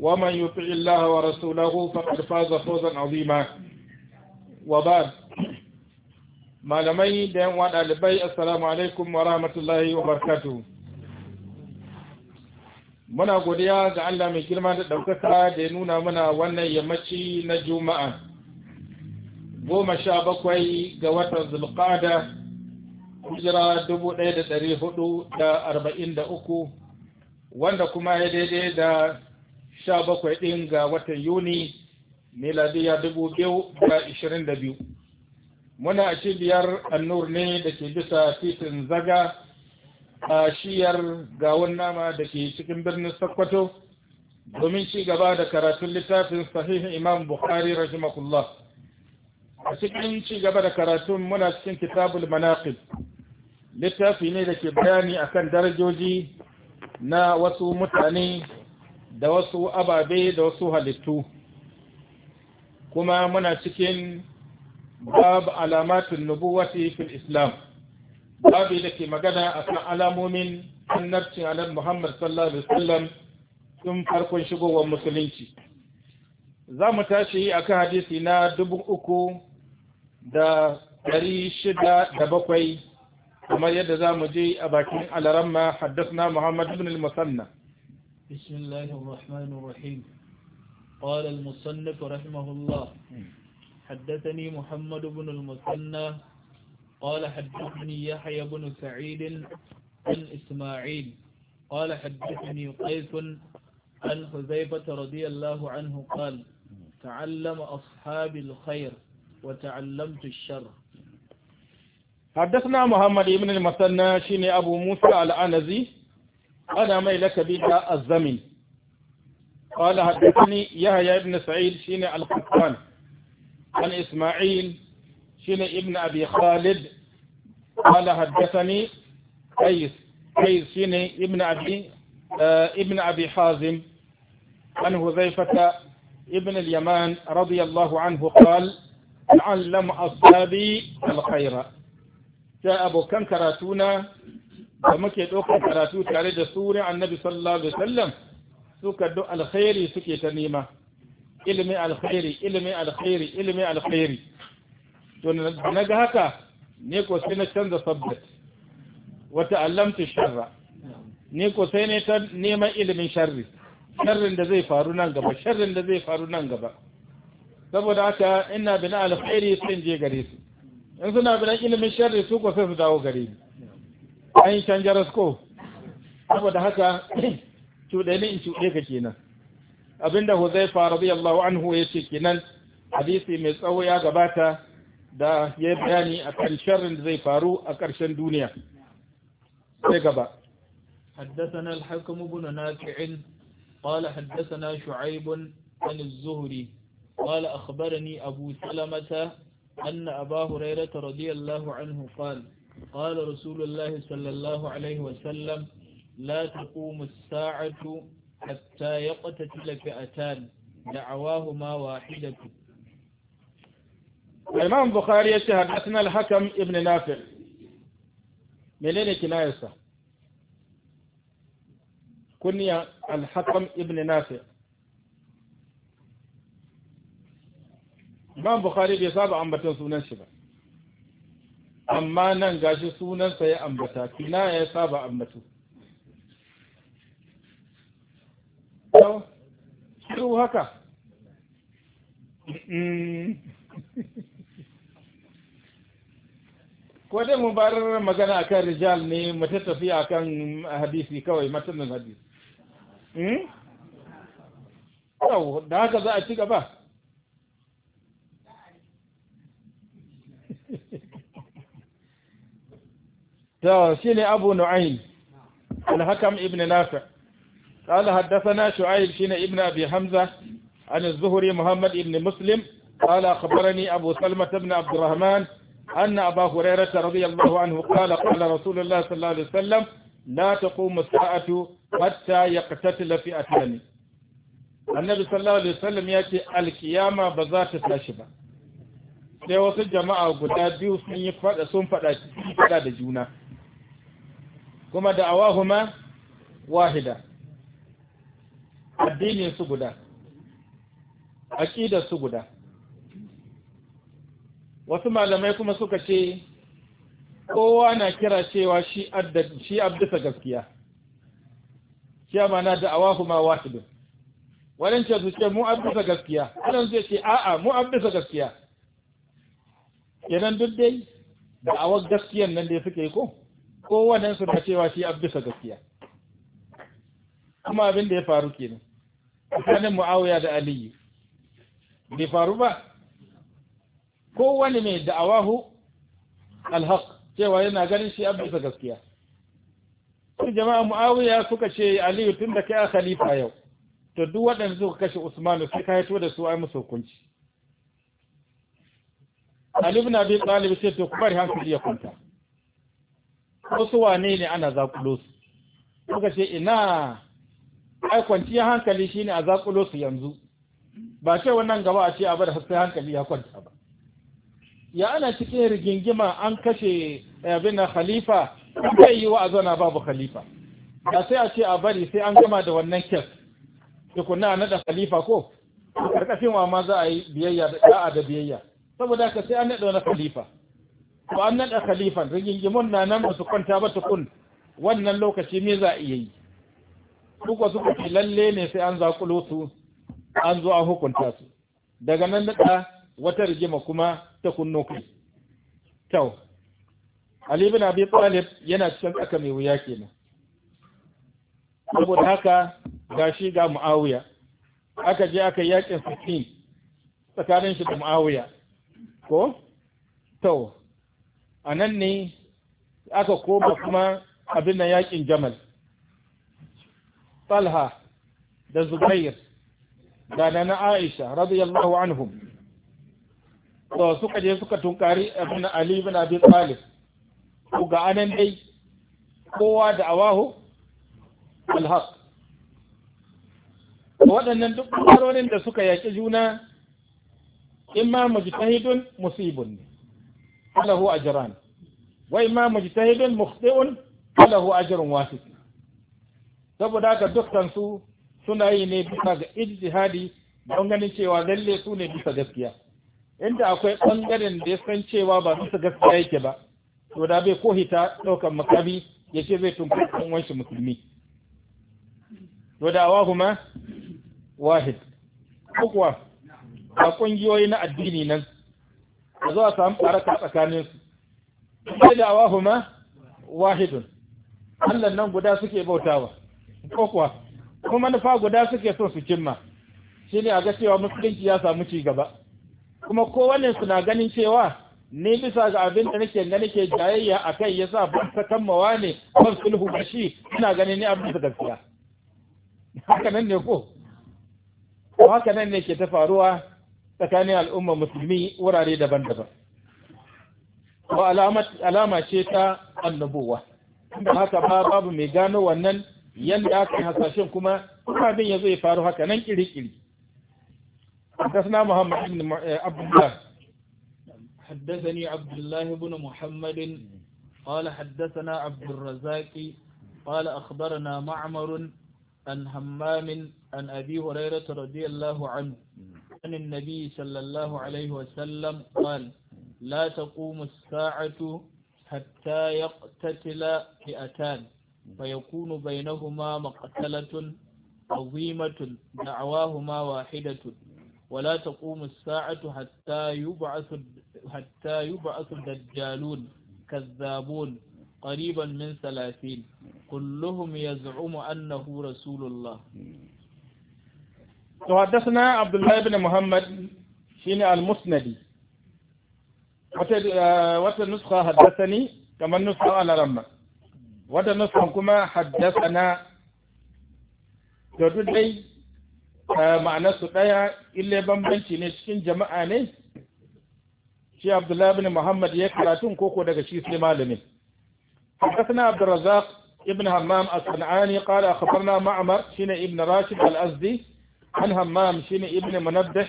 ومن يطع الله ورسوله فقد فاز فوزا عظيما وبعد malamai da yan wada ɗalibai assalamu alaikum wa rahmatullahi wa barkatu muna godiya ga Allah mai girma da ɗaukaka da ya nuna mana wannan yammaci na juma'a goma sha bakwai ga watan zulqada hijira dubu ɗaya da ɗari hudu da arba'in da uku wanda kuma ya daidai da sha bakwai ɗin ga watan yuni miladiya dubu biyu da ishirin da biyu muna a cibiyar annur ne da ke bisa titin zaga a shiyar gawon nama da ke cikin birnin sokoto domin ci gaba da karatun littafin sahihin imam bukhari rahimakullah a cikin ci gaba da karatun muna cikin kitabul manaqib littafi ne da ke bayani akan darajoji na wasu mutane da wasu ababe da wasu halittu kuma muna cikin bab alamatun nubuwati fil islam babu da ke magana a kan alamomin annabcin annabi muhammad sallallahu alaihi wasallam tun farkon shigowar musulunci za mu tashi a kan hadisi na dubu uku da ɗari shida da bakwai kamar yadda za mu je a bakin alaramma haddasa na muhammad ibn al-musanna بسم الله الرحمن الرحيم قال المصنف رحمه الله حدثني محمد بن المثنى قال حدثني يحيى بن سعيد عن إسماعيل قال حدثني قيس عن حذيفة رضي الله عنه قال تعلم أصحاب الخير وتعلمت الشر حدثنا محمد بن المثنى شيني أبو موسى أنزي أنا ميلك بها الزمن قال حدثني يحيى بن سعيد شين القطان عن إسماعيل شين ابن أبي خالد قال حدثني قيس قيس شين ابن أبي آه ابن أبي حازم عن هذيفة ابن اليمان رضي الله عنه قال علم أصحابي الخير جاء أبو كنكراتونا da muke ɗaukar karatu tare da surin annabi sallallahu alaihi wasallam suka do alkhairi suke ta nema ilimi alkhairi ilimi alkhairi ilimi alkhairi to na ga haka ne ko sai na canza subject wa ta'allamtu sharra ne ko sai ne ta nema ilimin sharri sharrin da zai faru nan gaba sharrin da zai faru nan gaba saboda haka ina bina alkhairi sun je gare su in suna bina ilimin sharri su ko sai su dawo gare ni an yi can jarasko saboda haka cuɗe ne in cuɗe ka kenan abinda huzaifa radiyallahu anhu ya ce kenan hadisi mai tsawo ya gabata da ya bayani a kan sharrin da zai faru a ƙarshen duniya sai gaba حدثنا الحكم بن نافع قال حدثنا شعيب عن الزهري قال أخبرني أبو سلمة أن أبا هريرة رضي الله عنه قال قال رسول الله صلى الله عليه وسلم لا تقوم الساعة حتى يقتتل فئتان دعواهما واحدة الإمام بخاري يشهد حدثنا الحكم ابن نافع منين كنايته كنية الحكم ابن نافع الإمام بخاري بيصاب عن بطن سبنان شبه amma nan gashi sunansa ya ambata kina ya saba ambatu shiru haka ko dai mu bar magana akan rijal ne mu ta tafi akan hadisi kawai matanin hadisi hmm? da haka za a ci gaba to ne abu nu'ayn al-hakam ibn nafi' qala haddathana shu'ayb shi ne ibn abi hamza an zuhri muhammad ibn muslim qala akhbarani abu salma ibn abd arrahman anna aba hurairah radiyallahu anhu qala qala rasulullah sallallahu alaihi wasallam la taqumu as-sa'atu hatta yaqtatila fi'atani annabi sallallahu alaihi wasallam yace al-qiyama ba za ta tashi ba sai wasu jama'a guda biyu sun yi fada sun fada da juna kuma da'awahuma wahida addini su guda aqida su guda wasu malamai kuma suka ce kowa na kira cewa shi shi abdisa gaskiya shi amana da'awahuma wahida wannan ce su ce mu abdisa gaskiya wannan zai ce a'a mu abdisa gaskiya kenan duk dai da'awar gaskiyan nan da suke ko kowanensu su na cewa shi bisa gaskiya kuma abin da ya faru kenan tsakanin muawiya da aliyu bai faru ba kowane mai da'awahu alhaq cewa yana ganin shi bisa gaskiya su jama'a muawiya suka ce aliyu tun da kai a khalifa yau to duk waɗanda suka kashe usmanu sai ka haito da su ai musu hukunci Aliyu na Abi Talib sai to ku bari hankali ya kwanta wasu wane ne ana zakulo su suka ce ina ai kwanciyar hankali shine a zakulo su yanzu ba ce wannan gaba a ce a bar sai hankali ya kwanta ba ya ana cikin rigingima an kashe eh, abin na khalifa kai yi wa a zana babu khalifa da sai a ce a bari sai an gama da wannan kes tukunna na da khalifa ko karkashin wa ma za a yi biyayya da da'a da biyayya saboda ka sai an naɗa wani khalifa to an naɗa khalifan rigingimun na nan ba su kwanta ba tukun wannan lokaci me za a iya yi duk wasu ku lalle ne sai an zakulo su an zo a hukunta su daga nan naɗa wata rigima kuma ta kunno kai kyau Ali ibn Abi Talib yana cikin tsaka mai wuya kenan saboda haka shi ga Muawiya aka je aka yakin Siffin tsakanin shi da Muawiya ko to a nan ne aka koma kuma abin nan yakin jamal talha da zubair da na aisha radiyallahu anhum to suka je suka tunkari abin ali ibn abi talib ko ga anan dai kowa da awahu alhaq waɗannan duk ƙaronin da suka yaƙi juna in ma mujtahidun musibun ne falahu ajran wa imma mujtahidun mukhti'un falahu ajrun saboda haka su suna yi ne bisa ga ijtihadi don ganin cewa lalle su ne bisa gaskiya inda akwai ɓangaren da ya san cewa ba su gaskiya yake ba to da bai ko hita ɗaukar makami yace zai tunka kan musulmi to da awahuma wahid kuwa a ƙungiyoyi na addini nan azo zuwa samu baraka tsakanin su da awahu wahidun Allah nan guda suke bautawa ko kuwa kuma nufa guda suke so su cimma shine a ga cewa musulunci ya samu ci gaba kuma kowane su na ganin cewa ni bisa ga abin da nake ga nake jayayya akai yasa ban ta kammawa ne ban sulhu ba shi ina ganin ni abin da gaskiya haka nan ne ko haka nan ne ke ta faruwa tsakanin al'umma musulmi wurare daban-daban ko alama ce ta annabuwa da haka ba babu mai gano wannan yanda aka yi hasashen kuma abin ya zai faru haka nan kiri-kiri حدثنا محمد بن عبد الله حدثني عبد الله بن محمد قال حدثنا عبد الرزاق قال أخبرنا معمر عن همام عن أبي هريرة رضي الله عنه عن النبي صلى الله عليه وسلم قال لا تقوم الساعة حتى يقتتل فئتان فيكون بينهما مقتلة عظيمة دعواهما واحدة ولا تقوم الساعة حتى يبعث حتى يبعث الدجالون كذابون قريبا من ثلاثين كلهم يزعم أنه رسول الله to haddasana abdullahi wata eh, wata nuskha haddasani kamar nuskha al-ramma wata nuskha kuma haddasana to duk dai eh, ma'anar su ille bambanci ne cikin jama'a ne shi abdullahi ibn muhammad ya karatun koko daga shi sai malamin حدثنا عبد الرزاق ابن همام الصنعاني قال أخبرنا معمر شين ابن راشد الأزدي عن همام شين ابن منبه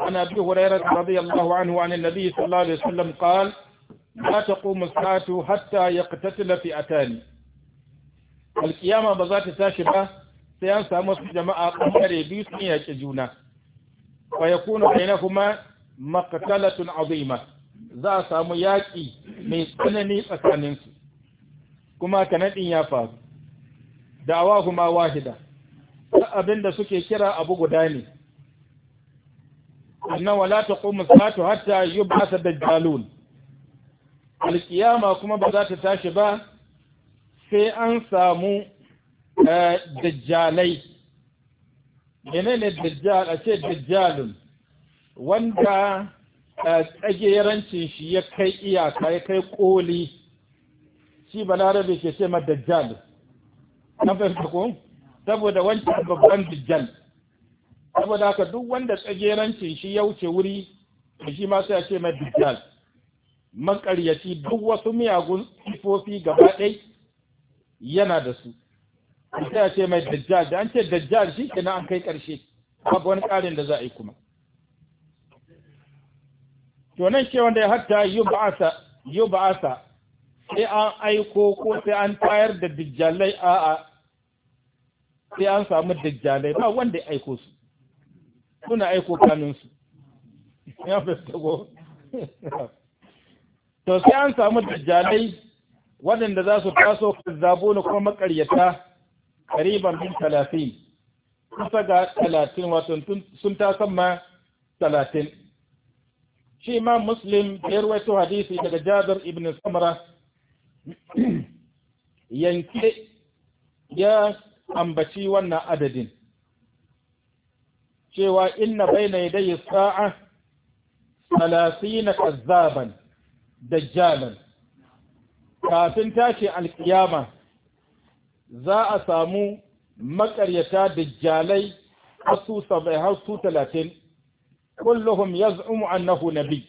عن أبي هريرة رضي الله عنه عن النبي صلى الله عليه وسلم قال لا تقوم الساعة حتى يقتتل فئتان القيامة بذات تاشبة سينسى مصر جماعة قمر بيسنية جونة ويكون بينهما مقتلة عظيمة ذا سامو ياكي من سنني أسانينسي كما كانت إيافا دعواهما واحدة abin da suke kira abu guda ne annan wala ta ƙomu salatu hatta yi ba ta dajjalun alkiyama kuma ba za ta tashi ba sai an samu eh, dajjalai menene dajjal a ce dajjalun wanda eh, tsagerancin shi ya kai iyaka ya kai koli shi balarabe ke ce ma dajjalun na fahimta ko saboda wancan babban dijjal saboda haka duk wanda tsagerancin shi ya wuce wuri da shi ma sai a ce mai dijjal makaryaci duk wasu miyagun sifofi gaba ɗai yana da su sai a ce mai dajjal da an ce dajjal shi ke an kai ƙarshe babu wani ƙarin da za a yi kuma to nan ce wanda ya hatta yi ba'asa yi sai an aiko ko sai an tayar da dijjalai a'a sai an samu dajjalai ba wanda ya aiko su suna aiko kanunsu ya festago to sai an samu dajjalai waɗanda za su taso zabo na kuma makaryata kariban bin talatin kusa ga talatin wato sun tasan ma talatin shi ma muslim ya rawaito hadisi daga jabir ibn samara yanke ya ambaci wannan adadin cewa inna baina yadayhi sa'a 30 kazzaban dajjalan kafin tashi alkiyama za a samu makaryata dajjalai asu 30 kulluhum yaz'umu annahu nabi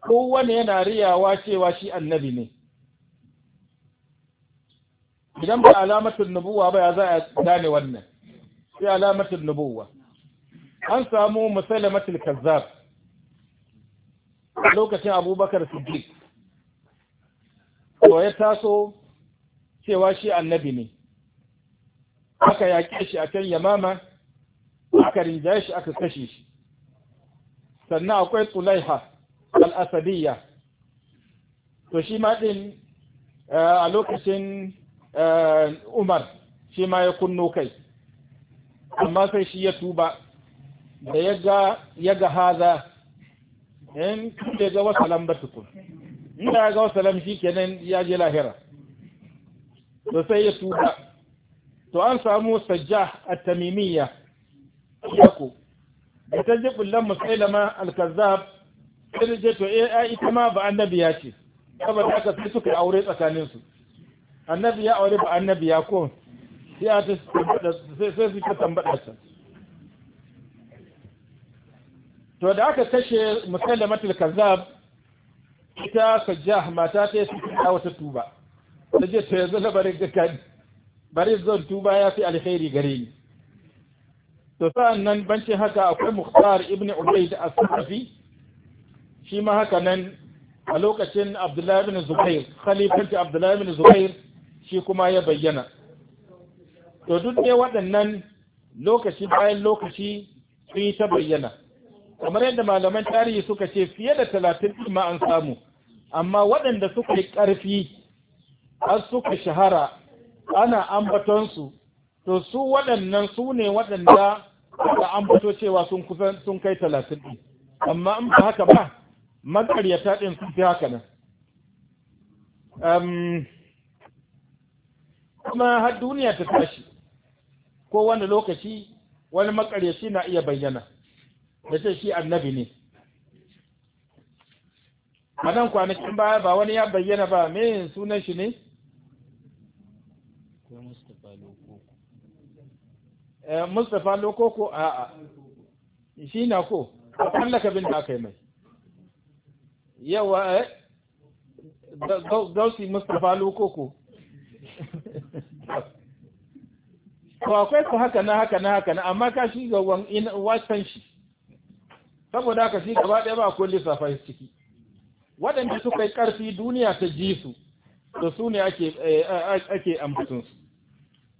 kowane yana riyawa cewa shi annabi ne idan ba alamatul nubuwa ba ya za a gane wannan sai alamatul nubuwa an samu musalamatul kazzab lokacin abubakar siddiq to ya taso cewa shi annabi ne aka yaƙe shi a kan yamama aka rinjaye shi aka kashe shi sannan akwai tsulaiha al'asadiyya to shi ma ɗin eh, a lokacin Eh, Umar shi ma ya kunno kai amma sai shi ya tuba da ya ga haza in da ga wasalam ba tukun inda ya ga wasalam shi kenan ya je lahira da sai ya tuba to an samu sajja a tamimiyya yako da ta ji kullum musailama alkazab sai da je to eh, ita ma ba annabi ya ce saboda haka sai suka aure tsakaninsu annabi ya aure ba annabi ya ko sai su ta tambada sa to da aka kashe da musallamatul kazzab ita sajjah mata ta su ta wata tuba ta je ta yanzu na barin gakani bari zon tuba ya fi alheri gare ni to sa'an nan bancin haka akwai mukhtar ibn ubayd as-safi shi ma haka nan a lokacin abdullahi ibn zubair khalifanci abdullahi ibn zubair shi kuma ya bayyana to duk ne waɗannan lokaci bayan lokaci sun yi ta bayyana kamar yadda malaman tarihi suka ce fiye da talatin ma an samu amma waɗanda suka yi ƙarfi har suka shahara ana ambatonsu to su waɗannan su ne waɗanda suka ambato cewa sun kusan sun kai talatin ɗin amma in ba haka ba makaryata ɗin sun fi haka nan kuma har duniya ta tashi ko wani lokaci wani makaryaci na iya bayyana da ce shi annabi ne a nan kwanakin baya ba wani ya bayyana ba mai sunan shi ne? mustapha lokoko eh, a a shi na ko a kallaka bin da aka yi mai yawa eh, gausi mustapha lokoko to akwai ku haka na haka na haka na amma ka shi ga wasan shi saboda haka shi gaba ɗaya ba ko lissafa ciki waɗanda suka yi ƙarfi duniya ta ji su to su ne ake eh, su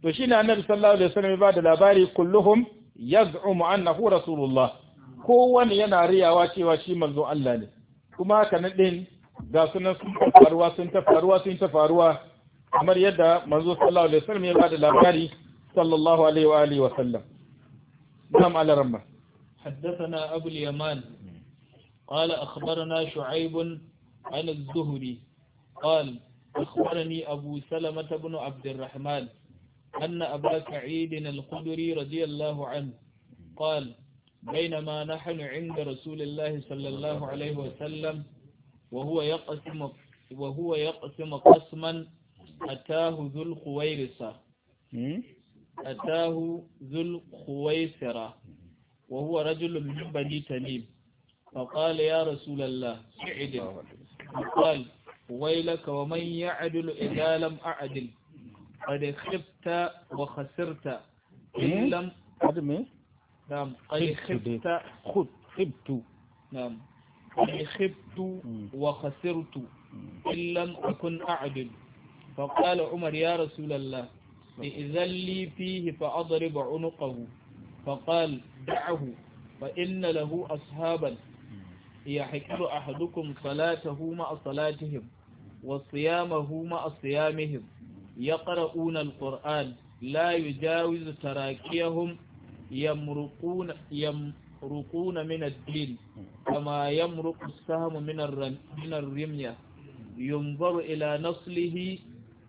to shi ne annabi sallallahu alaihi wasallam ba da labari kulluhum yaz'umu annahu rasulullah kowanne yana riyawa cewa shi manzon Allah ne kuma haka na din ga sunan sun faruwa sun ta faruwa sun ta faruwa kamar yadda manzo sallallahu alaihi wasallam ya ba da labari صلى الله عليه وآله وسلم نعم على رمى حدثنا أبو اليمان قال أخبرنا شعيب عن الزهري قال أخبرني أبو سلمة بن عبد الرحمن أن أبا سعيد الخدري رضي الله عنه قال بينما نحن عند رسول الله صلى الله عليه وسلم وهو يقسم وهو يقسم قسما أتاه ذو الخويرثة أتاه ذو الخويسرة وهو رجل من بني تميم فقال يا رسول الله اعدل فقال ويلك ومن يعدل إذا لم أعدل قد خبت وخسرت إن لم أدمي نعم قد خبت خبت نعم قد خبت وخسرت إن لم أكن أعدل فقال عمر يا رسول الله إذن لي فيه فأضرب عنقه فقال دعه فإن له أصحابا يحكب أحدكم صلاته مع صلاتهم وصيامه مع صيامهم يقرؤون القرآن لا يجاوز تراكيهم يمرقون, يمرقون من الدين كما يمرق السهم من, الرم من الرمية ينظر إلى نصله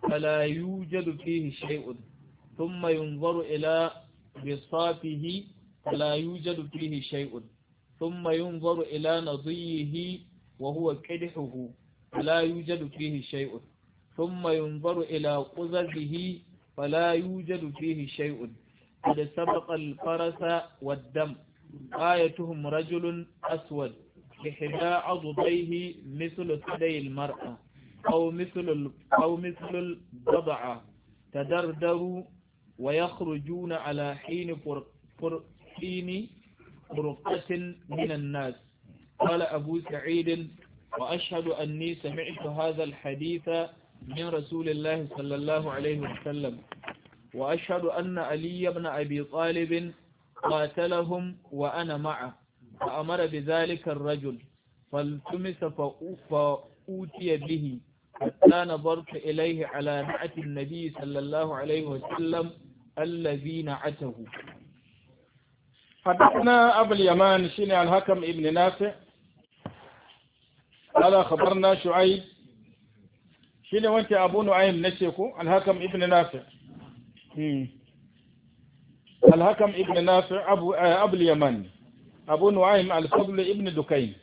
فلا يوجد فيه شيء ثم ينظر إلى بصاته فلا يوجد فيه شيء ثم ينظر إلى نظيه وهو كدحه فلا يوجد فيه شيء ثم ينظر إلى قززه فلا يوجد فيه شيء قد سبق الفرس والدم آيتهم رجل أسود بحذاء عضبيه مثل ثدي المرأة أو مثل أو مثل الضبعة تدردر ويخرجون على حين فرق فر حين فرقة من الناس قال أبو سعيد وأشهد أني سمعت هذا الحديث من رسول الله صلى الله عليه وسلم وأشهد أن علي بن أبي طالب قاتلهم وأنا معه فأمر بذلك الرجل فالتمس فأوتي به حتى نظرت إليه على نعة النبي صلى الله عليه وسلم الذي نعته حدثنا أبو اليمان شيني الحكم ابن نافع قال خبرنا شعيب شيني وانت أبو نعيم نشيكو الحكم ابن نافع الحكم ابن نافع أبو, أبو اليمان أبو نعيم الفضل ابن دكين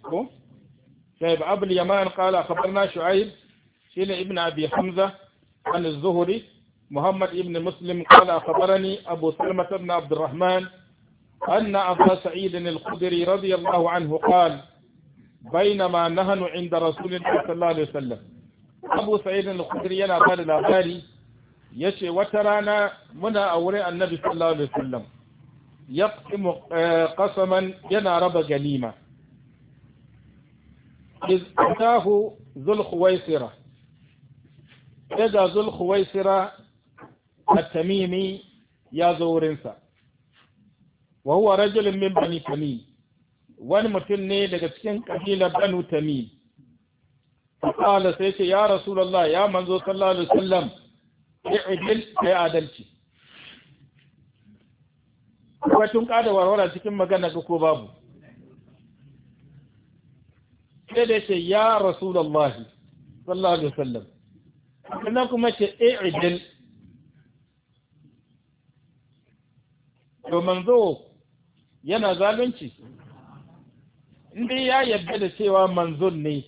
طيب أبو اليمان قال خبرنا شعيب شين ابن أبي حمزة عن الزهري محمد ابن مسلم قال أخبرني أبو سلمة بن عبد الرحمن أن أبا سعيد الخدري رضي الله عنه قال بينما نهن عند رسول الله صلى الله عليه وسلم أبو سعيد الخدري أنا قال الأباري يشي وترانا منا أوري النبي صلى الله عليه وسلم يقسم قسما ينا رب جليمة إذ أتاه ذو الخويصرة sai zul khuwaisira a tamimi ya zo wurinsa wa huwa rajulun min bani tamim wani mutum ne daga cikin kabilar banu tamim fa sai ce ya rasulullah ya manzo sallallahu alaihi wasallam i'dil kai adalci akwai tun kada warwara cikin magana ga ko babu sai da ce ya rasulullah sallallahu alaihi wasallam sannan kuma ce i'idil eh, to manzo yana zalunci inda ya yarda da cewa manzon ne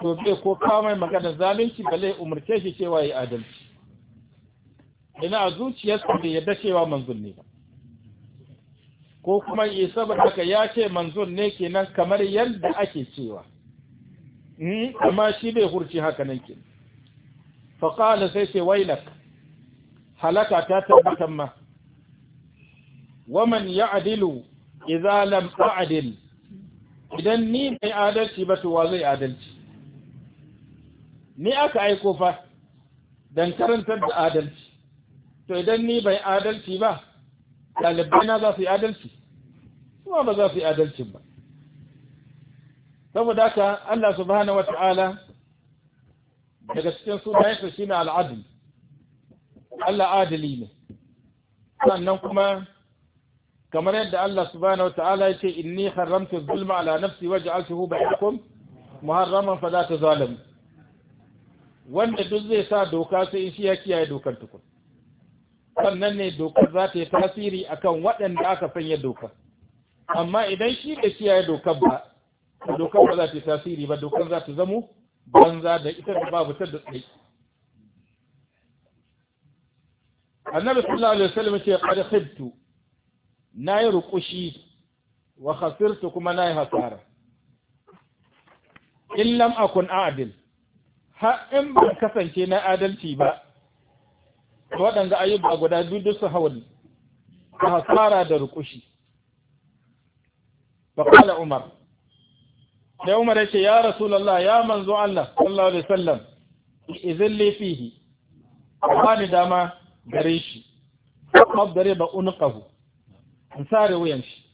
to bai ko kawo mai magana zalunci bale umarce shi cewa ya adalci ina a zuciyarsa bai yarda cewa manzon ne ba ko kuma yi saboda haka ya ce manzon ne kenan kamar yadda ake cewa hmm, amma shi bai hurci haka nan kenan faƙala sai ce wailak halaka ta tabbatan ma waman ya adilu izalam adil idan ni mai adalci ba wa zai adalci ni aka aiko fa don karantar da adalci to idan ni bai adalci ba ɗalibai na za su yi adalci kuma ba za su yi adalcin ba saboda haka Allah subhanahu Ta'ala. daga cikin sunayensa shine al'adu. Allah adali ne sannan kuma kamar yadda Allah subhanahu wataala yace inni haramta zulma ala nafsi waj'altuhu bainakum muharraman ta tazalimu wanda duk zai sa doka sai shi ya kiyaye dokar tukun sannan ne dokar za ta yi tasiri akan waɗanda aka sanya dokar amma idan shi da kiyaye dokar ba dokar ba za ta yi tasiri ba dokar za ta zamo banza da ita da babu ta da tsaye annabi sallallahu alaihi wasallam ce qad khibtu nayi ruqushi wa khasirtu kuma nayi hasara in lam akun adil ha in ban kasance na adalci ba waɗanda ayyuka guda biyu su hawali hasara da ruqushi fa qala umar da Umar ya ce ya Rasulullah ya manzo Allah sallallahu alaihi wasallam izin lafihi ba ni dama gare shi dare ba unqahu in sare wuyan shi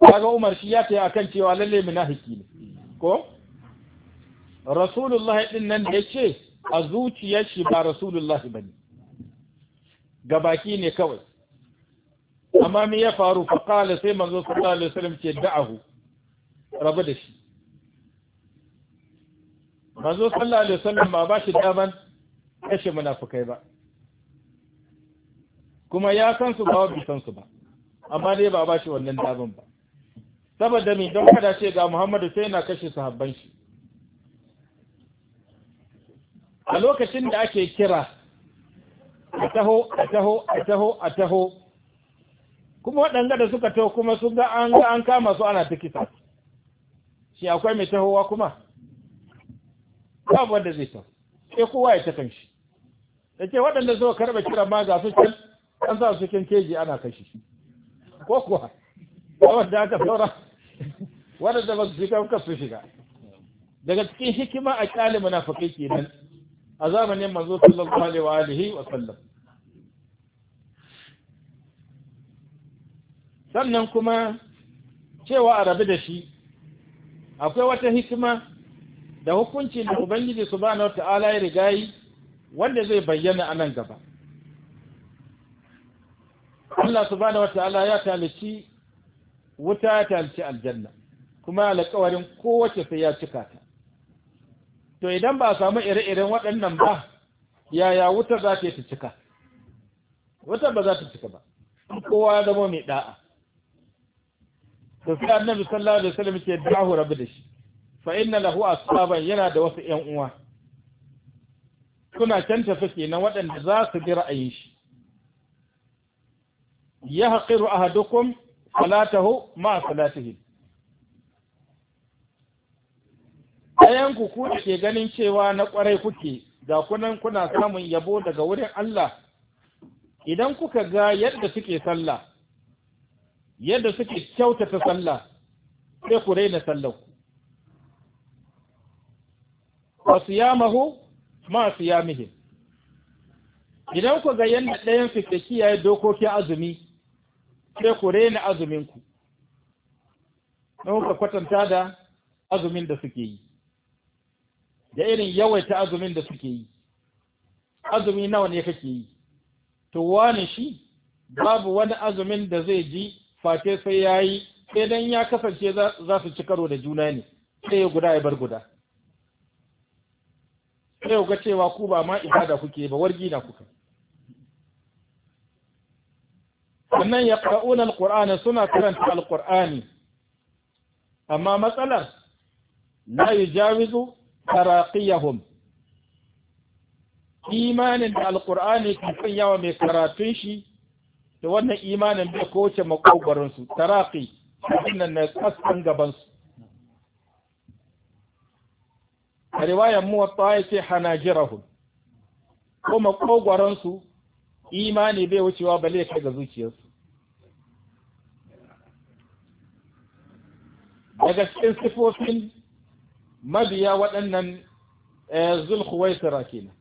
kaga Umar shi ya taya akan cewa lalle munafiki ne ko Rasulullah din nan da yace a zuciyar shi ba Rasulullah bane gabaki ne kawai amma me ya faru fa qala sai manzo sallallahu alaihi wasallam ce da'ahu rabu da shi manzo sallallahu alaihi wasallam ba ba shi daman kashe munafukai ba kuma ya san su ba bi san su ba amma dai ba ba shi wannan daban ba saboda me don kada ce ga Muhammadu sai yana kashe sahabban shi a lokacin da ake kira a taho a taho a taho a taho kuma waɗanda da suka taho kuma sun ga an ga an kama su ana tikita shi akwai mai tahowa kuma babu wanda zai ta sai kowa ya takan shi da ke waɗanda suka karɓe kiran ma ga su can an sa su cikin keji ana kashi ko kuwa wanda aka saura waɗanda ba su shiga ka su shiga daga cikin hikima a na munafikai kenan a zamanin manzo sallallahu alaihi wa wa sallam sannan kuma cewa a rabu da shi akwai wata hikima da hukuncin da ubangiji subhanahu wata'ala ya riga yi wanda zai bayyana a nan gaba Allah wata ala ya talici wuta ya talici aljanna kuma alƙawarin kowace sai ya cika ta to idan ba a samu ire-iren waɗannan ba yaya wuta za ta cika wuta ba za ta cika ba kowa ya zama mai da'a to sai annabi sallallahu alaihi wasallam ce dahu rabu da shi fa inna lahu asaban yana da wasu 'yan uwa suna can tafi kenan waɗanda za su bi ra'ayin shi ya haƙiru ahadukum salatahu ma salatihi ɗayan ku ku ke ganin cewa na ƙwarai kuke ga kunan kuna samun yabo daga wurin Allah idan kuka ga yadda suke sallah yadda suke kyautata sallah sai ku raina sallar ku wa siyamahu ma siyamihi idan ku ga yanda ɗayan su ke kiyaye dokokin azumi sai ku raina azumin ku don ka kwatanta da azumin da suke yi da irin yawaita azumin da suke yi azumi nawa ne kake yi to wani shi babu wani azumin da zai ji face sai ya yi sai dan ya kasance za su ci karo da juna ne sai ya guda ya bar guda sai ya ga cewa ku ba ma ibada kuke ba wargi na kuka sannan ya alƙur'ani suna karanta alƙur'ani amma matsalar yi jawizu karaƙiyahun imanin da alƙur'ani kan yawa mai karatun shi da wannan imanin bai kowace makogaransu taraki nan na kasan gabansu a riwayar muwatta ya ce hana jirahun. ko makogaransu imani bai wucewa ba lai kai ga zuciyarsu daga cikin sifofin mabiya waɗannan eh, zulhuwaisira kenan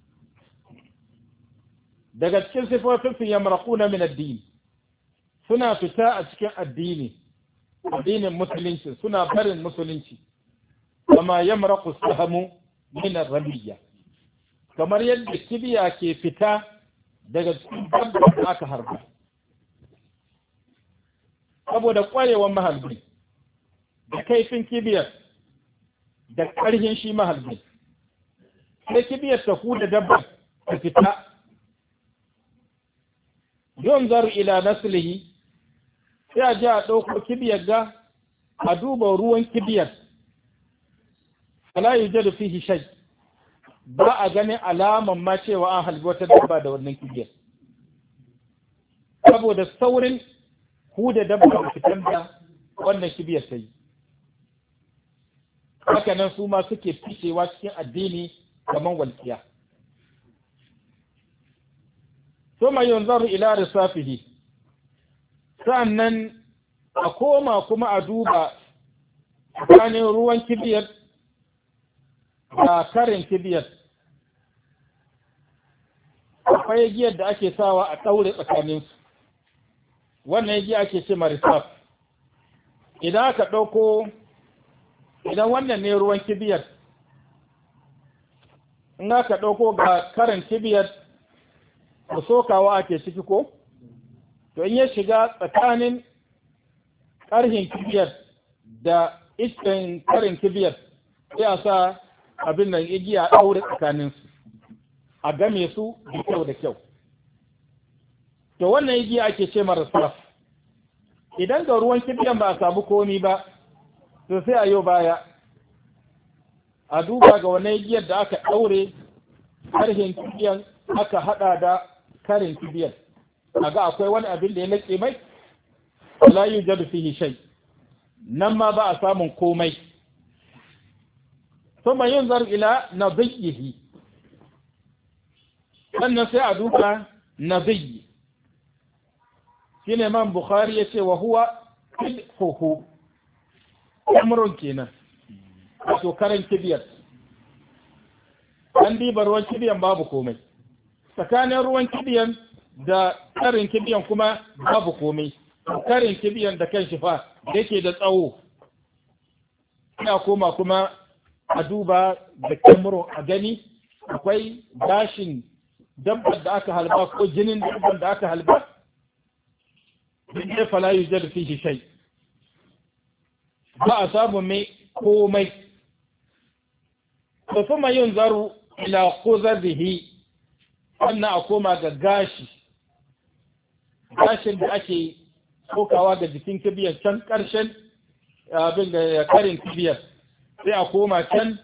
daga cikin sifofin su yamraku na min addini suna fita a cikin addini addinin musulunci suna barin musulunci kama yamraqu sahamu minar ramiya kamar yadda kibiya ke fita daga cikin dabbar aka harba saboda kwarewar mahalbi da kaifin kibiyar da ƙarhin shi mahalbi sai kibiyar ta huda dabba ta fita zaru ila naslihi sai a ji a ɗauko kibiyar ga a duba ruwan kibiyar alayu jadu fi shai ba a gani alaman ma cewa an halbi wata dabba da wannan kibiyar saboda saurin huda dabba da fitan da wannan kibiyar ta yi haka nan su ma suke ficewa cikin addini kamar walƙiya ثم ينظر إلى رصافه sannan a koma kuma a duba tsakanin ruwan kibiyar da karin kibiyar akwai giyar da ake sawa a ɗaure tsakaninsu wannan giya ake ce marisaf idan aka ɗauko idan wannan ne ruwan kibiyar in aka ɗauko ga karin kibiyar da sokawa ake ciki ko? to in ya shiga tsakanin ƙarhin kibiyar da iskan karin kibiyar sai a sa abin nan igiya ɗaure tsakaninsu a game su da kyau da kyau to wannan igiya ake ce mara salaf idan ga ruwan kibiyan ba a samu komi ba to sai a yau baya a duba ga wannan igiyar da aka ɗaure karhin kibiyan aka haɗa da karin kibiyar. kaga akwai wani abin da ya nake mai la yujadu fihi shay nan ma ba a samun komai kuma yunzar ila nadhihi sannan sai a duka nadhi shine man bukhari yace wa huwa fihu umrun kenan to karan kibiyar an diba ruwan kibiyan babu komai tsakanin ruwan kibiyan da karin kibiyan kuma babu komai karin kibiyan da kan shifa yake da tsawo ina koma kuma a duba da kyamuron a gani akwai gashin dabbar da aka halba ko jinin dabbar da aka halba din ya fala yi zarfi shi ba a samu mai komai ba kuma yin zaru ila ko zarrihi wannan a koma ga gashi gashin da ake kokawa ga jikin kibiyar can ƙarshen abin da karin kibiyar sai a koma can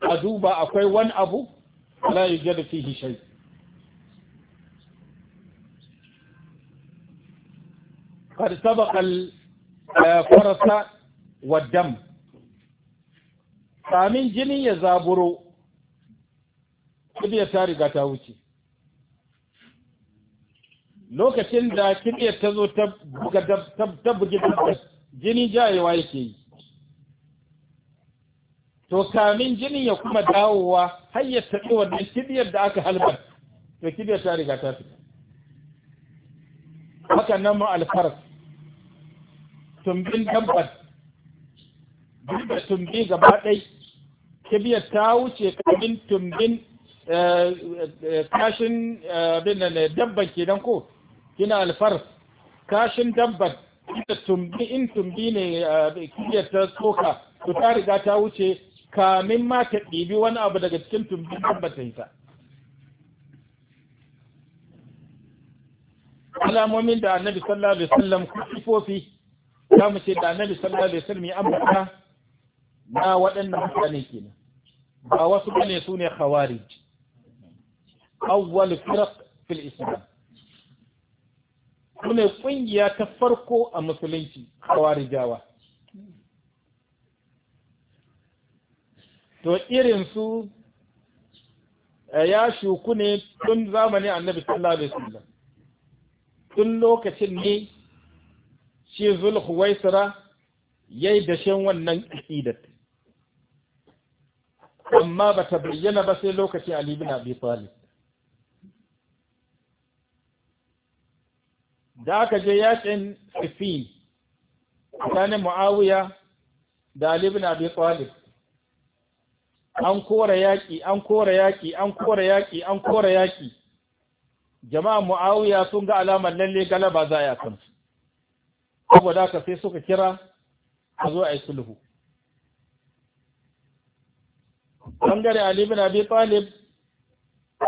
a duba akwai wani abu ala yi jada fi hishai sabaqa sabakal farasa wa dam kamin jini ya zaburo kibiyar ta riga ta wuce lokacin da kibiyar ta zo ta bugi dabbar jini jayewa yake yi to kamin jini ya kuma dawowa har ya taɓi wannan kibiyar da aka halbar to kibiyar ta riga ta fi haka nan ma alfaras tumbin dabbar jirgin tumbi gaba ɗai kibiyar ta wuce kamin tumbin eh, eh, eh, kashin bin nan dabban kenan ko kina alfar kashin dabbar da tumbi in tumbi ne eh, kiyar ta tsoka to ta riga ta wuce kamin ma ta ɗibi wani abu daga cikin tumbi dabbar ta yi ta alamomin da annabi sallallahu alaihi wasallam ko sifofi za mu ce da annabi sallallahu alaihi wasallam ya ambata na waɗannan mutane kenan ba wasu bane su ne khawarij awwal firq fil islam sune ne ƙungiya ta farko a musulunci kawari kawarijawa to irinsu eh, ya shuku ne tun zamani annabi sallallahu alaihi wasallam tun lokacin ne shi ya yayi dashen wannan aqidat amma ba ta bayyana ba sai lokacin ali ibn abi talib da aka je yakin Sifin, tsakanin mu'awiya da alibin abin talib an kora yaki, an kora yaki, an kora yaki, an kora yaki, jama'a mu'awiya sun ga alamar lalle galaba za a kansu saboda haka sai suka kira a zo a yi sulhu ɓangare Ali bin Abi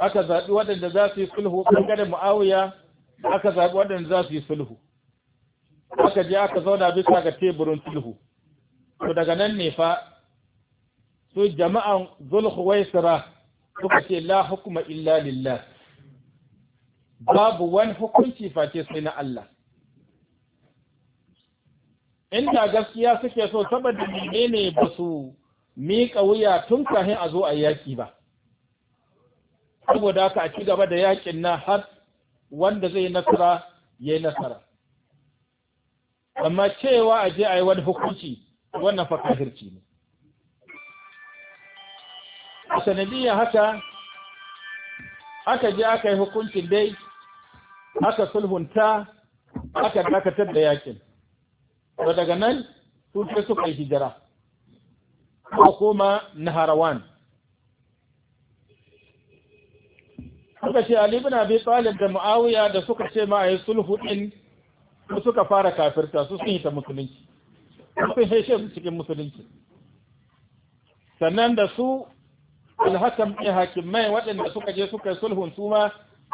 aka zaɓi waɗanda za su yi sulhu ɓangare Mu'awiya aka zaɓi waɗanda za su yi sulhu aka je aka zauna bisa ga teburin sulhu to daga nan ne fa su jama'an zulhuwaisira suka ce la hukuma illa lillah babu wani hukunci face sai na Allah inda gaskiya suke so saboda menene ba su miƙa wuya tun kahin a zo a yaƙi ba saboda haka a ci gaba da yaƙin na har wanda zai nasara ya yi nasara amma cewa a je a yi wani hukunci wannan fakahirci ne a sanadiyar haka aka je aka yi hukuncin dai aka sulhunta aka dakatar da yakin to daga nan su suka yi hijira ko kuma harawan. suka ce Ali ibn Abi Talib da Muawiya da suka ce ma ayi sulhu din suka fara kafirta su sun yi ta musulunci sun haishe su cikin musulunci sannan da su bin Hakim Mai waɗanda suka je suka yi sulhun su ma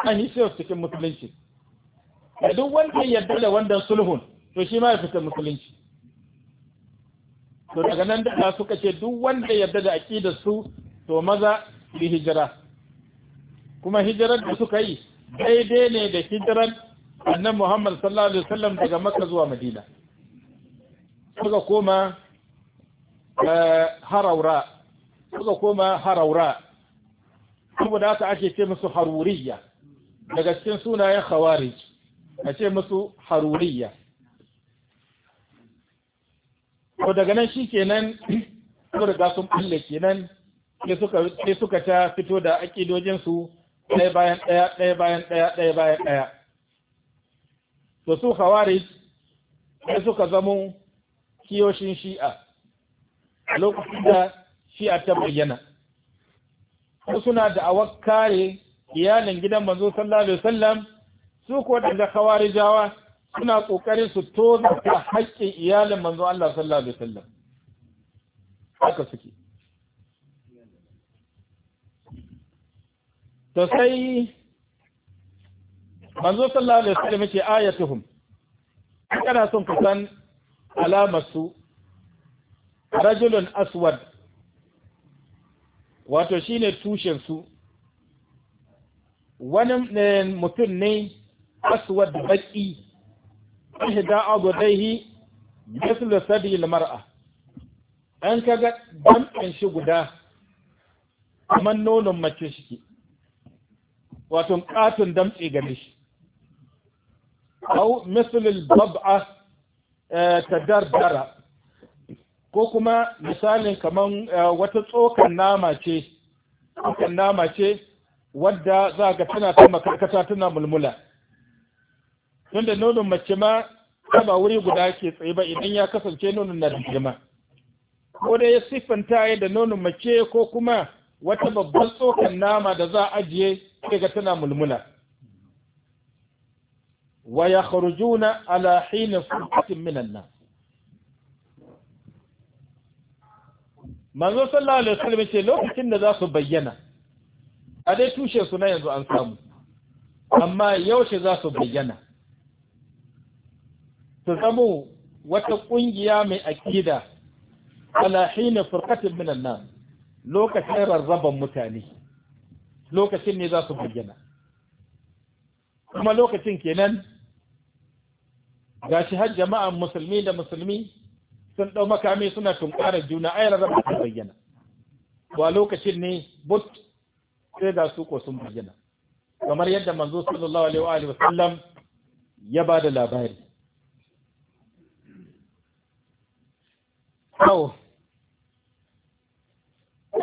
an yi su cikin musulunci da duk wanda yadda da wanda sulhun to shi ma ya fita musulunci to daga nan da suka ce duk wanda yadda da aqidar su to maza bi hijira kuma hijirar da suka yi daidai ne da hijirar annan Muhammad sallallahu alaihi wasallam daga Makka zuwa Madina suka koma eh, haraura suka koma haraura saboda aka ake ce musu haruriya daga cikin sunayen hawari a ce musu haruriya ko daga nan shikenan sun riga sun ke kenan sai suka ta fito da aƙidojinsu ɗaya bayan ɗaya ɗaya bayan ɗaya ɗaya bayan ɗaya to su khawarij sai suka zamo kiyoshin shi'a a lokacin da shi'a ta bayyana su suna da awar kare iyalin gidan manzo sallallahu alaihi wasallam su ko daga khawarijawa suna kokarin su ta haƙƙin iyalin manzo Allah sallallahu alaihi wasallam haka suke to sai manzo sallallahu alaihi wasallam ce ayatuhum kana son ku san alamar su rajulun aswad wato shine tushen su wani mutum ne aswad baki shi ihda agudaihi mithlu sadi mar'a an kaga dan shi guda kamar nonon mace shi wato katon damtse game shi au bab'a bab'a eh, dardara. ko kuma misalin kamar eh, wata tsokan nama ce tsokan nama ce wadda za ga tana ta makarkata tana mulmula tunda nonon mace ma ba wuri guda ke tsaye ba idan ya kasance nonon na da ko dai ya siffanta da nonon mace ko kuma wata babban tsokan nama da za a ajiye sai ga tana mulmula wa yakhrujuna ala hina furqatin minan nas manzo sallallahu alaihi wasallam ce lokacin da za su bayyana a dai tushe su na yanzu an samu amma yaushe za su bayyana su zamo wata kungiya mai akida ala hina furqatin minan nas lokacin rarraban mutane lokacin ne za su bayyana kuma lokacin kenan gashi har jama'a musulmi da musulmi sun ɗau makami suna tunkarar juna ayar raba su bayyana ba lokacin ne but sai ga su ko sun bayyana kamar yadda manzo sallallahu alaihi wa sallam ya ba da labari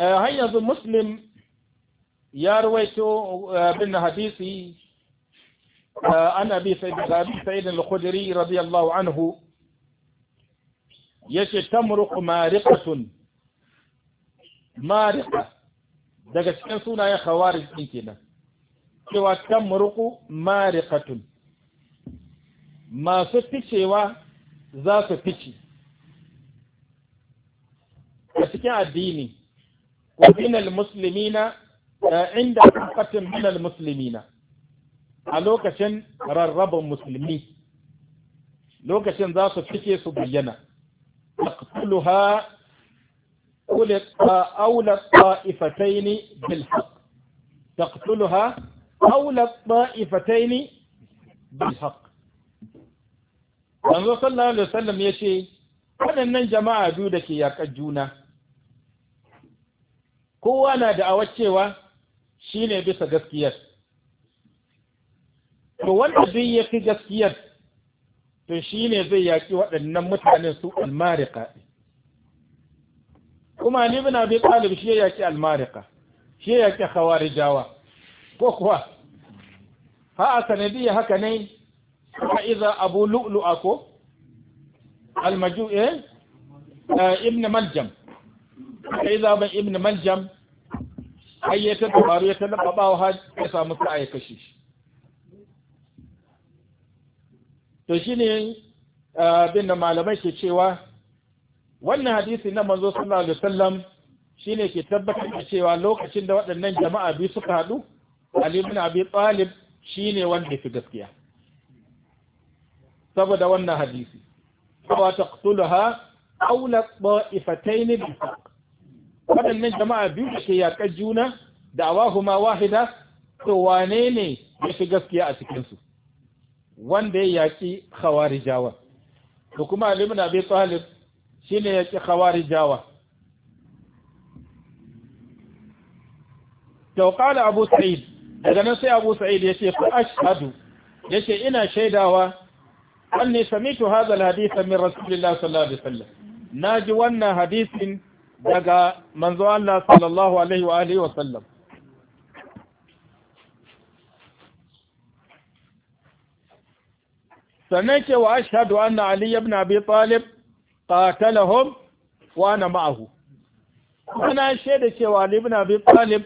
eh, har yanzu muslim ya ruwaito eh, bin hadisi eh, an abi sa'id al-khudri radiyallahu anhu yace tamruq mariqatun mariqa daga cikin sunayen khawarij din kenan cewa tamruqu mariqatun masu ficewa za su fice a cikin addini wa minal muslimina inda kafatin minal na. a lokacin rarraban musulmi lokacin za su fice su bayyana taqtuluha kulit aula ta'ifataini bil haqq taqtuluha aula ta'ifataini bil haqq manzo sallallahu alaihi wasallam yace waɗannan jama'a biyu da ke yaƙar juna kowa na da awacewa Shi ne bisa gaskiyar to wanda zai ya fi gaskiyar to shi ne zai yaki waɗannan mutanen su almarika kuma ni bin abi talib shi ya yaki almarika shi ya yaki jawa, ko kuwa ha a sanadiyya haka ne ka iza abu lu'lu'a ako, almaju'e, eh? eh, ibn maljam ka iza ibn maljam har ya ta dabaru ya ta laɓaɓawa har ya samu sa'a ya kashe shi to shi ne abin da malamai ke cewa wannan hadisi na manzo sallallahu alaihi wasallam shine ke tabbatar da cewa lokacin da waɗannan jama'a biyu suka haɗu Ali ibn Abi Talib shine wanda fi gaskiya saboda wannan hadisi wa taqtulaha awla ta'ifatayn bi waɗannan jama'a biyu da ke yaƙar juna da awahuma wahida to wane ne ya fi gaskiya a cikinsu wanda ya yaƙi jawa da kuma alimin abin talib shi ne yaƙi khawarijawa tauƙala abu sa'id daga nan sai abu sa'id ya ce fa ashadu ya ce ina shaidawa anni samitu hadha alhadith min rasulillah sallallahu alaihi wasallam naji wannan hadisin daga manzo Allah sallallahu alaihi wa alihi wa sallam sannan ce wa ashhadu anna ali ibn abi talib qatalahum wa ana ma'ahu ana shaida cewa ali ibn abi talib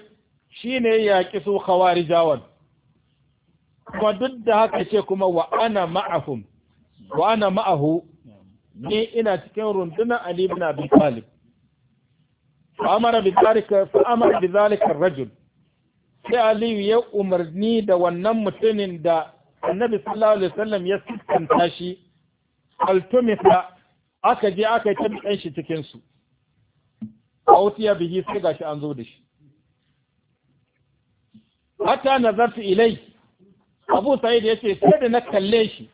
shine ya su khawarijawan kuma duk da haka ce kuma wa ana ma'ahum wa ana ma'ahu ni ina cikin rundunar ali ibn abi talib fa'amara bi zalika fa'amara bi zalika rajul sai aliyu ya umarni da wannan mutumin da annabi sallallahu alaihi wasallam ya sittanta shi altumisa aka je aka yi tabbatar shi cikin su autiya bihi sai gashi an zo da shi hatta nazartu ilai abu sa'id yace sai da na kalle shi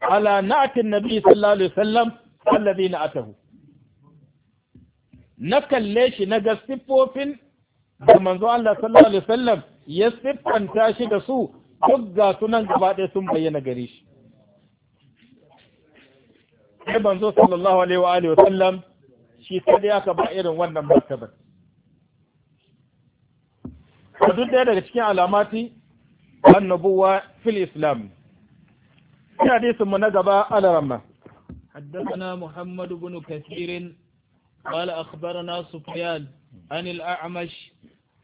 ala na'atin nabi sallallahu alaihi wasallam alladhina atahu na kalle shi na ga siffofin da manzo Allah sallallahu alaihi wasallam ya siffanta shi da su duk ga sunan gaba ɗaya sun bayyana gare shi sai manzo sallallahu alaihi wa alihi wasallam shi sai da aka ba irin wannan martaba to duk ɗaya daga cikin alamati annabuwa fil islam hadisin mu na gaba alaramma حدثنا محمد بن كثير قال أخبرنا سفيان عن الأعمش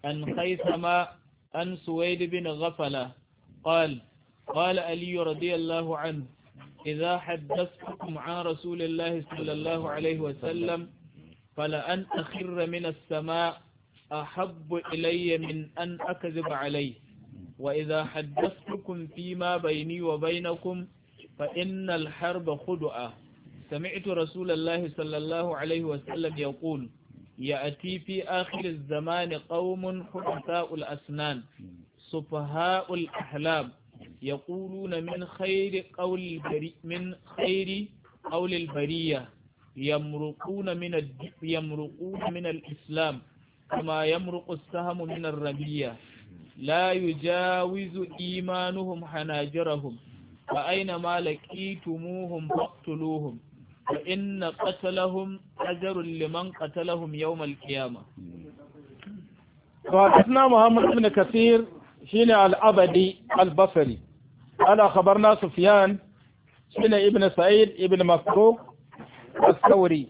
عن خيثما عن سويد بن غفلة قال قال علي رضي الله عنه إذا حدثتكم عن رسول الله صلى الله عليه وسلم فلأن أخر من السماء أحب إلي من أن أكذب عليه وإذا حدثتكم فيما بيني وبينكم فإن الحرب خدعة سمعت رسول الله صلى الله عليه وسلم يقول يأتي في آخر الزمان قوم حرثاء الأسنان صفهاء الأحلام يقولون من خير قول البري من خير قول البرية يمرقون من الد... يمرقون من الإسلام كما يمرق السهم من الرمية لا يجاوز إيمانهم حناجرهم فأينما لقيتموهم فاقتلوهم فإن قتلهم أجر لمن قتلهم يوم القيامة وحدثنا محمد بن كثير شين الأبدي البصري أنا خبرنا سفيان شين ابن سعيد ابن مسروق الثوري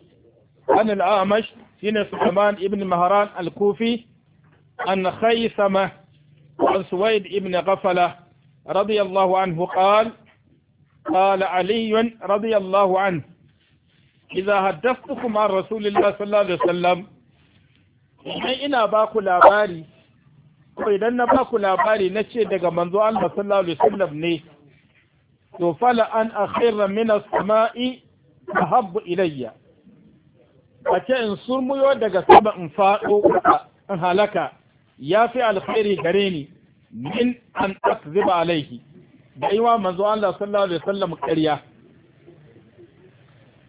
عن الأعمش شين سليمان ابن مهران الكوفي عن خيثمة عن سويد ابن غفلة رضي الله عنه قال قال علي رضي الله عنه idza haddathtukum an rasulillah sallallahu alaihi wasallam idan ina baku labari ko idan na baku labari na ce daga manzo Allah sallallahu alaihi wasallam ne to fala an akhira min as-sama'i ahabbu ilayya a ce in surmuyo daga sama in faɗo in halaka ya fi alkhairi gare ni min an akziba alaihi da yiwa manzo Allah sallallahu alaihi wasallam ƙarya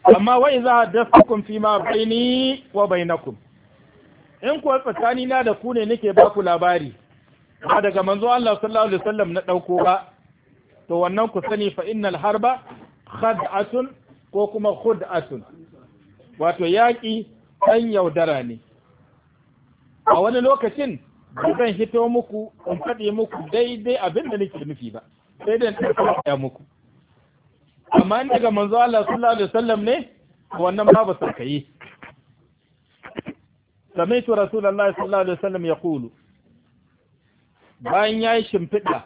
amma wai za a dafakun fi ma baini wa bainakum in kuwa tsakani na da ku ne nake ba ku labari ba daga manzo Allah sallallahu alaihi wasallam na dauko ba to wannan ku sani fa innal harba khad'atun ko kuma khud'atun wato yaki an yaudara ne a wani lokacin ba zan hito muku in faɗi muku daidai abin da nake nufi ba sai dan in muku amma daga manzo Allah sallallahu alaihi wasallam ne wannan babu sarkayi sami'tu rasulullahi sallallahu alaihi wasallam yaqulu bayan yayi shimfida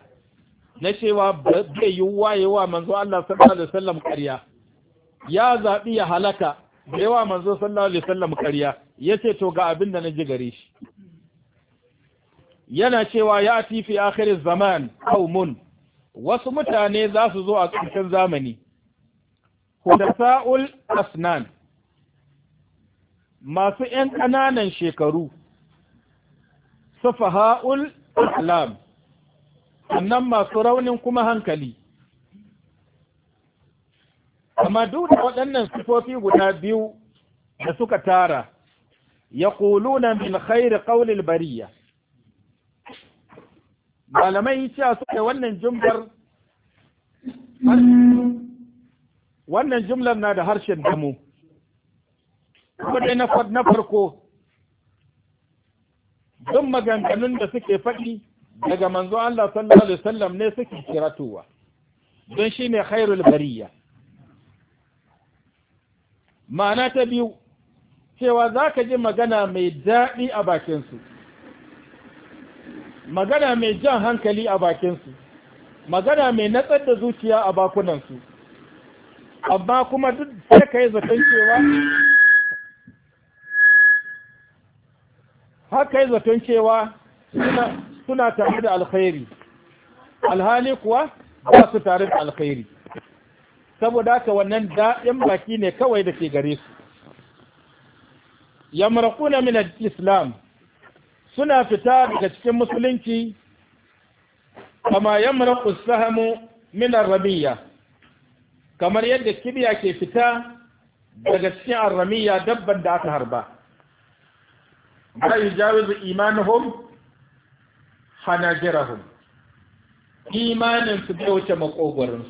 na cewa bai yi wayewa manzo Allah sallallahu alaihi wasallam ƙarya ya zabi ya halaka da yawa manzo sallallahu alaihi wasallam ƙarya yace to ga abin da naji gare shi yana cewa ya fi akhiriz zaman qaumun wasu mutane za su zo a cikin zamani hudasa'ul asnan masu ‘yan ƙananan shekaru safaha'ul alam sannan masu raunin kuma hankali amma duk da waɗannan sifofi guda biyu da suka tara ya ƙuluna min khairu ƙaunin bariya malamai cewa suka wannan jumbar wannan jumlar na da harshen damu kuma dai na farko duk maganganun da suke faɗi daga manzo Allah sallallahu alaihi wasallam ne suke kiratuwa don shi shine khairul bariya ma'ana ta biyu cewa za ka ji magana mai daɗi a bakinsu magana mai jan hankali a bakinsu magana mai natsar da zuciya a su. Abba kuma duk sai ka yi zaton cewa haka yi zaton cewa suna tare da alkhairi alhali kuwa ba su tare da alkhairi saboda haka wannan daɗin baki ne kawai da ke gare su na min islam suna fita daga cikin musulunci kama yamraqu sahamu min rabiyya kamar yadda kibiya ke fita daga cikin arramiya dabban da aka harba la yujawizu imanuhum hanajirahum imanin su bai wuce makogorin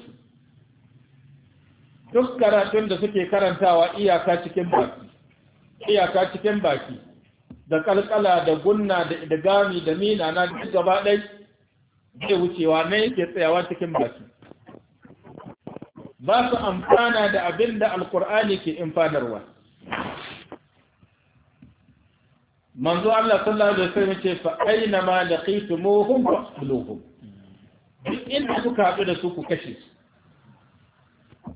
duk karatun da suke karantawa iyaka cikin baki iyaka cikin baki da kalkala da gunna da idgami da mina na gaba ɗai zai wucewa ne yake tsayawa cikin baki ba su amfana da abin da alkur'ani ke infanarwa manzo Allah sallallahu alaihi wasallam ce fa aina ma laqitumuhum faqtuluhum duk inda kuka haɗu da su ku kashe su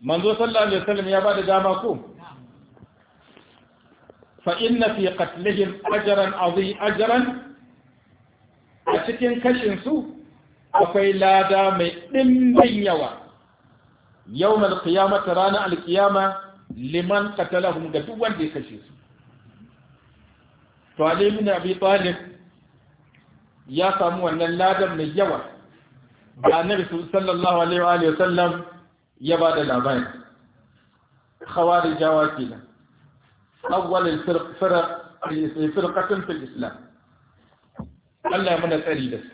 manzo sallallahu alaihi wasallam ya bada dama ku? fa inna fi qatlihim ajran adhi ajran a cikin kashin su akwai lada mai dimbin yawa Yau yawmal ta ranar alkiyama liman qatalahum ga duk wanda ya kashe su to Ali ibn Abi Talib ya samu wannan ladan mai yawa da Annabi sallallahu alaihi wa sallam ya ba da labari khawarijawa kenan awwal al-firq firq firqatun fil islam Allah ya mana tsari da su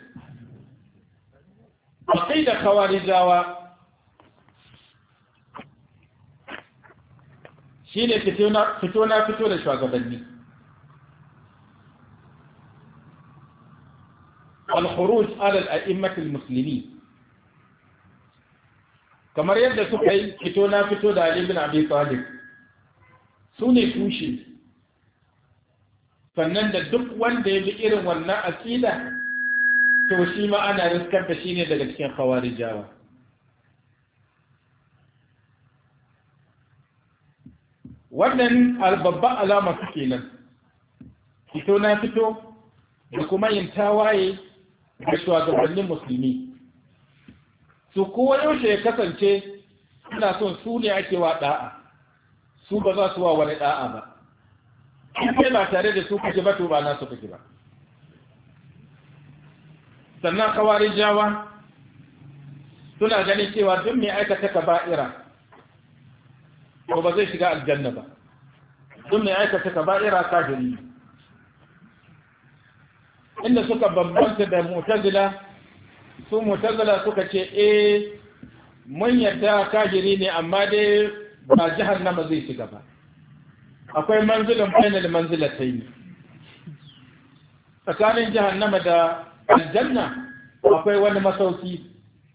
aqida khawarijawa shi ne fito na fito da shugabanni al-khuruj ala al al muslimin kamar yadda suka yi fito na fito da Ali bin Abi Talib su ne tushe sannan da duk wanda ya bi irin wannan aqida to shi ma ana riskar da shi ne daga cikin khawarijawa wannan babban alama suke nan, fito na fito da kuma yin tawaye da shugabannin musulmi su kowa yaushe ya kasance suna son su ne ake wa da'a su ba za su wa wani da'a ba in ba tare da su kake ba to ba na su kake ba sannan kawarin jawa suna ganin cewa duk mai aikata ka Ira. Ko ba zai shiga aljanna ba duk mai aikata kaba'ira kafiri inda suka bambanta da mutazila su mutazila suka ce eh mun yadda ne amma dai ba jahannama zai shiga ba akwai manzilin final manzilatai tsakanin jahannama da aljanna akwai wani masauki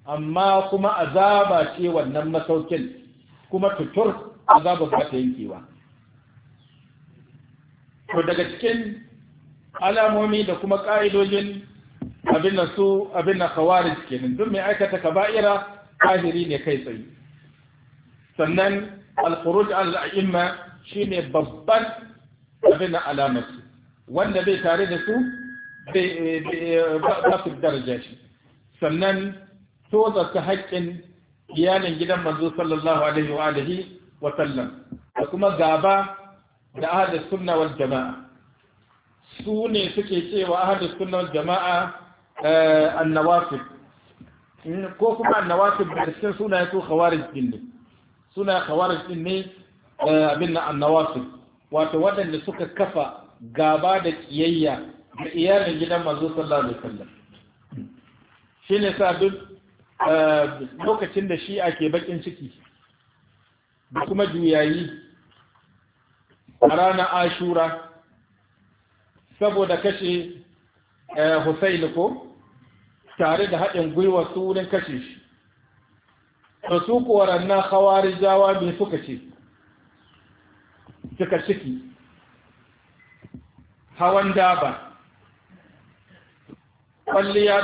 amma kuma azaba ce wannan masaukin kuma tutur za ba ta yankewa to daga cikin alamomi da kuma ƙa'idojin abin da su abin da khawarij kenan duk mai aikata kaba'ira kahiri ne kai tsaye sannan al-khuruj al-a'imma shine babban abin da alamar wanda bai tare da su ba su daraja shi sannan toza ta haƙƙin iyalin gidan manzo sallallahu alaihi wa wasallam da kuma gaba da ahadis sunna wal jama'a su ne suke cewa ahadis sunna wal jama'a eh, annawasib ko kuma annawasib da cikin sunaye ko khawarij din ne suna khawarij din ne eh, abin na annawasib wato waɗanda suka kafa gaba da kiyayya da iyalin gidan manzo sallallahu alaihi wasallam shine sa duk eh, lokacin da shi'a ke bakin ciki da kuma juyayi a ranar ashura saboda kashe eh, Hussein ko tare da haɗin gwiwa su wurin kashe shi da su ranar hawari jawa mai suka ce cika ciki hawan daba kwalliya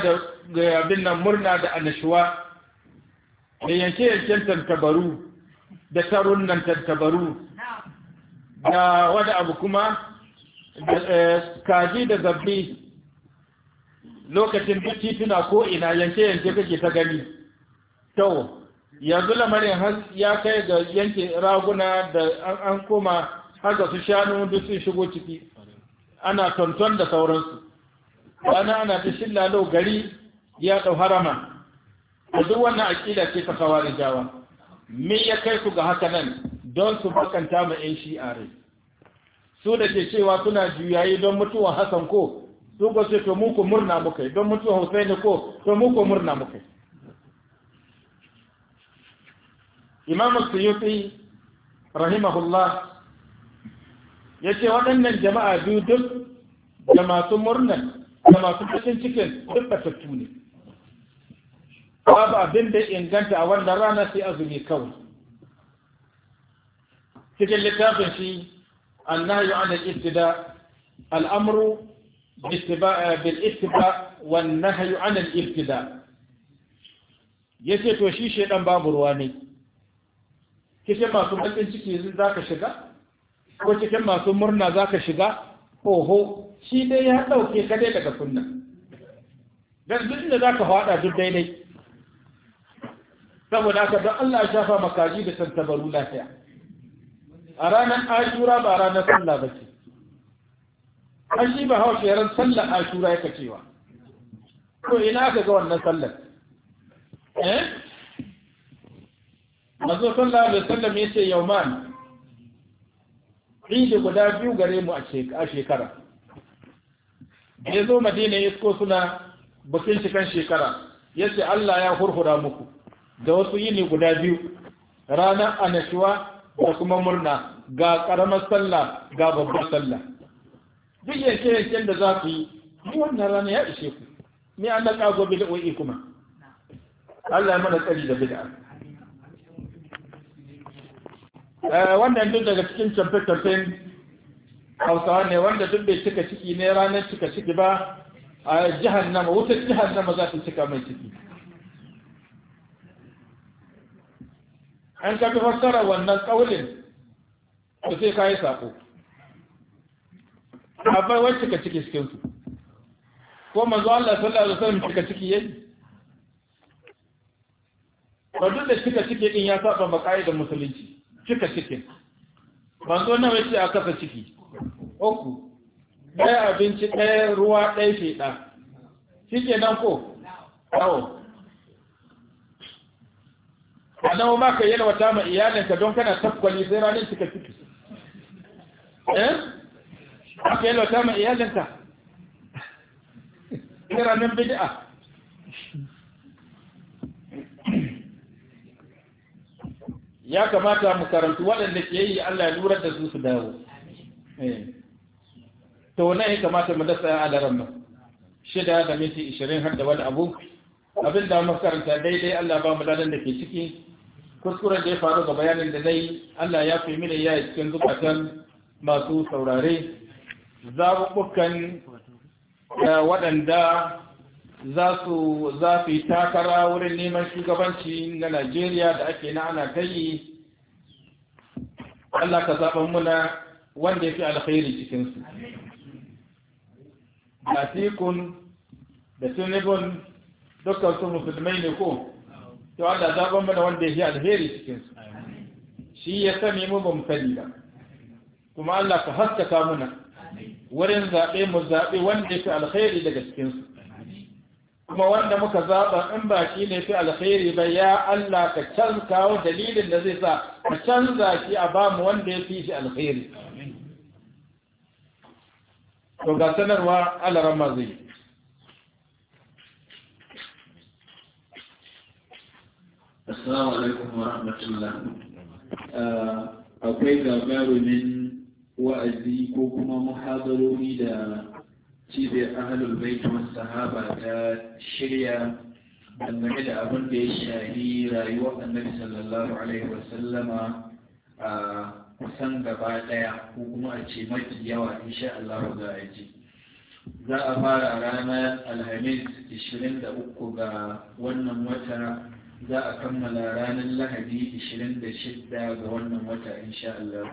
da abin nan murna da annashuwa da yanke-yanken tantabaru da tarun nan tattabaru da wani abu kuma eh, kaji da zabbi lokacin duk tituna ko ina yanke-yanke kake ta gani to yanzu lamarin ya kai ga yanke raguna da an koma har da su shanu duk sun shigo ciki ana tonton da sauransu wani ana ta shilla gari ya ɗau harama da duk wannan aƙida ce ta kawarin jawa me ya kai su ga haka nan don su bakanta ma 'yan shi'a rai su da ke cewa suna juyayi don mutuwan hassan ko su ba ce to muku murna muka don mutuwan husaini ko to muku murna muka imam suyuti rahimahullah ya ce waɗannan jama'a biyu duk da masu murnan da masu cikin cikin duk batattu ne babu abin da inganta a wannan rana sai azumi kawai cikin littafin shi annahyu an al-ibtida al-amru bil-ittiba wan nahyu an al-ibtida yace to shi shedan babu ruwa ne cikin masu bakin ciki zaka shiga ko cikin masu murna zaka shiga oho shi dai ya dauke ka dai daga sunna dan duk da zaka fada duk daidai saboda aka don Allah ya shafa makaji da santabaru lafiya a ranar ashura ba ranar sallah ba ce an shi ba hawa shirin sallar ashura yaka cewa ko ina aka ga wannan sallar eh mazo sallah da sallam ya ce yauman idi guda biyu gare mu a shekara ya zo madina ya suna bakin shikan shekara ya ce Allah ya hurhura muku da wasu yini guda biyu ranar anashuwa da kuma murna ga karamar sallah ga babbar sallah duk yanke yanken da za ku yi ni wannan rana ya ishe ku ni an daga gobe da oyi kuma Allah mana tsari da bid'a eh, wannan duk daga cikin camfe-camfen hausawa ne wanda duk bai cika ciki ne ranar cika ciki ba a jihar nama wutar jihar nama za ta cika mai ciki an ka fassara wannan kaulin to sai ka yi sako akwai wani cika ciki cikin su ko manzo Allah sallallahu alaihi wasallam cika ciki yayi ba duk da cika ciki din ya saba ba kaidar musulunci cika ciki manzo nawa yace a kasa ciki Oku. ɗaya abinci ɗaya ruwa ɗaya sheɗa shi ke nan ko? Awo, ka nawa ma ka wata ma iyalinka don kana tafkwali sai ranar cika ciki eh ka yi wata ma iyalinka sai ranar bid'a ya kamata mu karantu waɗanda ke yi Allah ya lura da su su dawo eh. to na ya kamata mu dasa a daren ba shida da minti ishirin har da wani abu abin da makaranta daidai Allah ba mu ladan da ke ciki kuskuren da ya faru ga bayanin da na yi allah ya fi mini ya cikin zukatan masu saurare zaɓuɓɓukan eh, waɗanda za su zafi takara wurin neman shugabanci na najeriya da ake na ana ta yi allah ka zaɓen muna wanda ya fi alkhairi cikinsu da da tunibun dukkan su musulmai ne ko to Allah za ban mana wanda ya alheri cikin su shi ya sani mu bamu sani ba kuma Allah ka haskaka muna wurin zaɓe mu zaɓe wanda ya alheri daga cikin su kuma wanda muka zaba in ba shi ne fi alheri ba ya Allah ka canza dalilin da zai sa ka canza shi a bamu wanda ya fi shi alheri to ga sanarwa Allah ramazi Assalamu alaikum wa rahmatullah. Uh, akwai gagarumin wa'azi ko kuma muhadarori da cibiyar ahalul bait sahaba ta shirya dangane da abin da ya shahi rayuwar annabi sallallahu alaihi wa sallama a uh, kusan gaba daya ko kuma a ce mafi yawa insha Allah za a ji. Za a fara ranar Alhamis 23 ga wannan wata za a kammala ranar lahadi 26 ga wannan wata insha Allah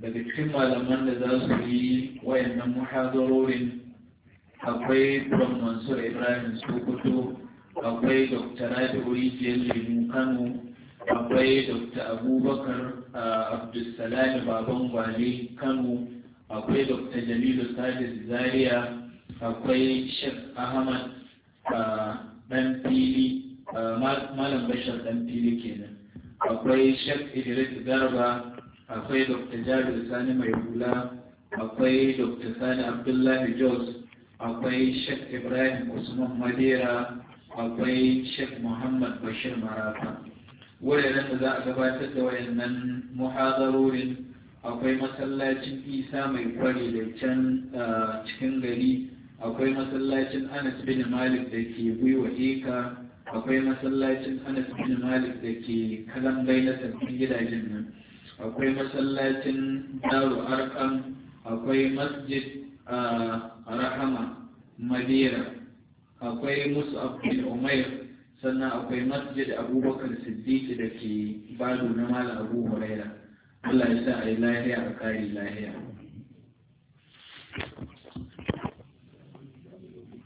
daga cikin malaman da za su yi wayannan muhadarorin akwai Prof. Mansur Ibrahim Sokoto akwai Dr. Rabi'u Rijiyar Lemu Kano akwai Dr. Abubakar Abdulsalam Baban Gwale Kano akwai Dr. Jamilu Sadis Zaria akwai Sheikh Ahmad Dan Fili malam bashar dan fili kenan akwai shek idris garba akwai dr jabir sani mai hula akwai dr sani abdullahi jos akwai shek ibrahim usman madera akwai shek muhammad bashir marafa wuraren da za a gabatar da wayannan muhadarorin akwai masallacin isa mai kwari da can cikin gari akwai masallacin anas bin malik da ke gwiwa eka akwai masallacin anas bin malik da ke kalan bai na sabbin gidajen nan akwai masallacin daru arkan akwai masjid a rahama madira akwai musu bin umair sannan akwai masjid abubakar siddiqi da ke bado na mala abu huraira allah ya sa a yi lahiya a kari lahiya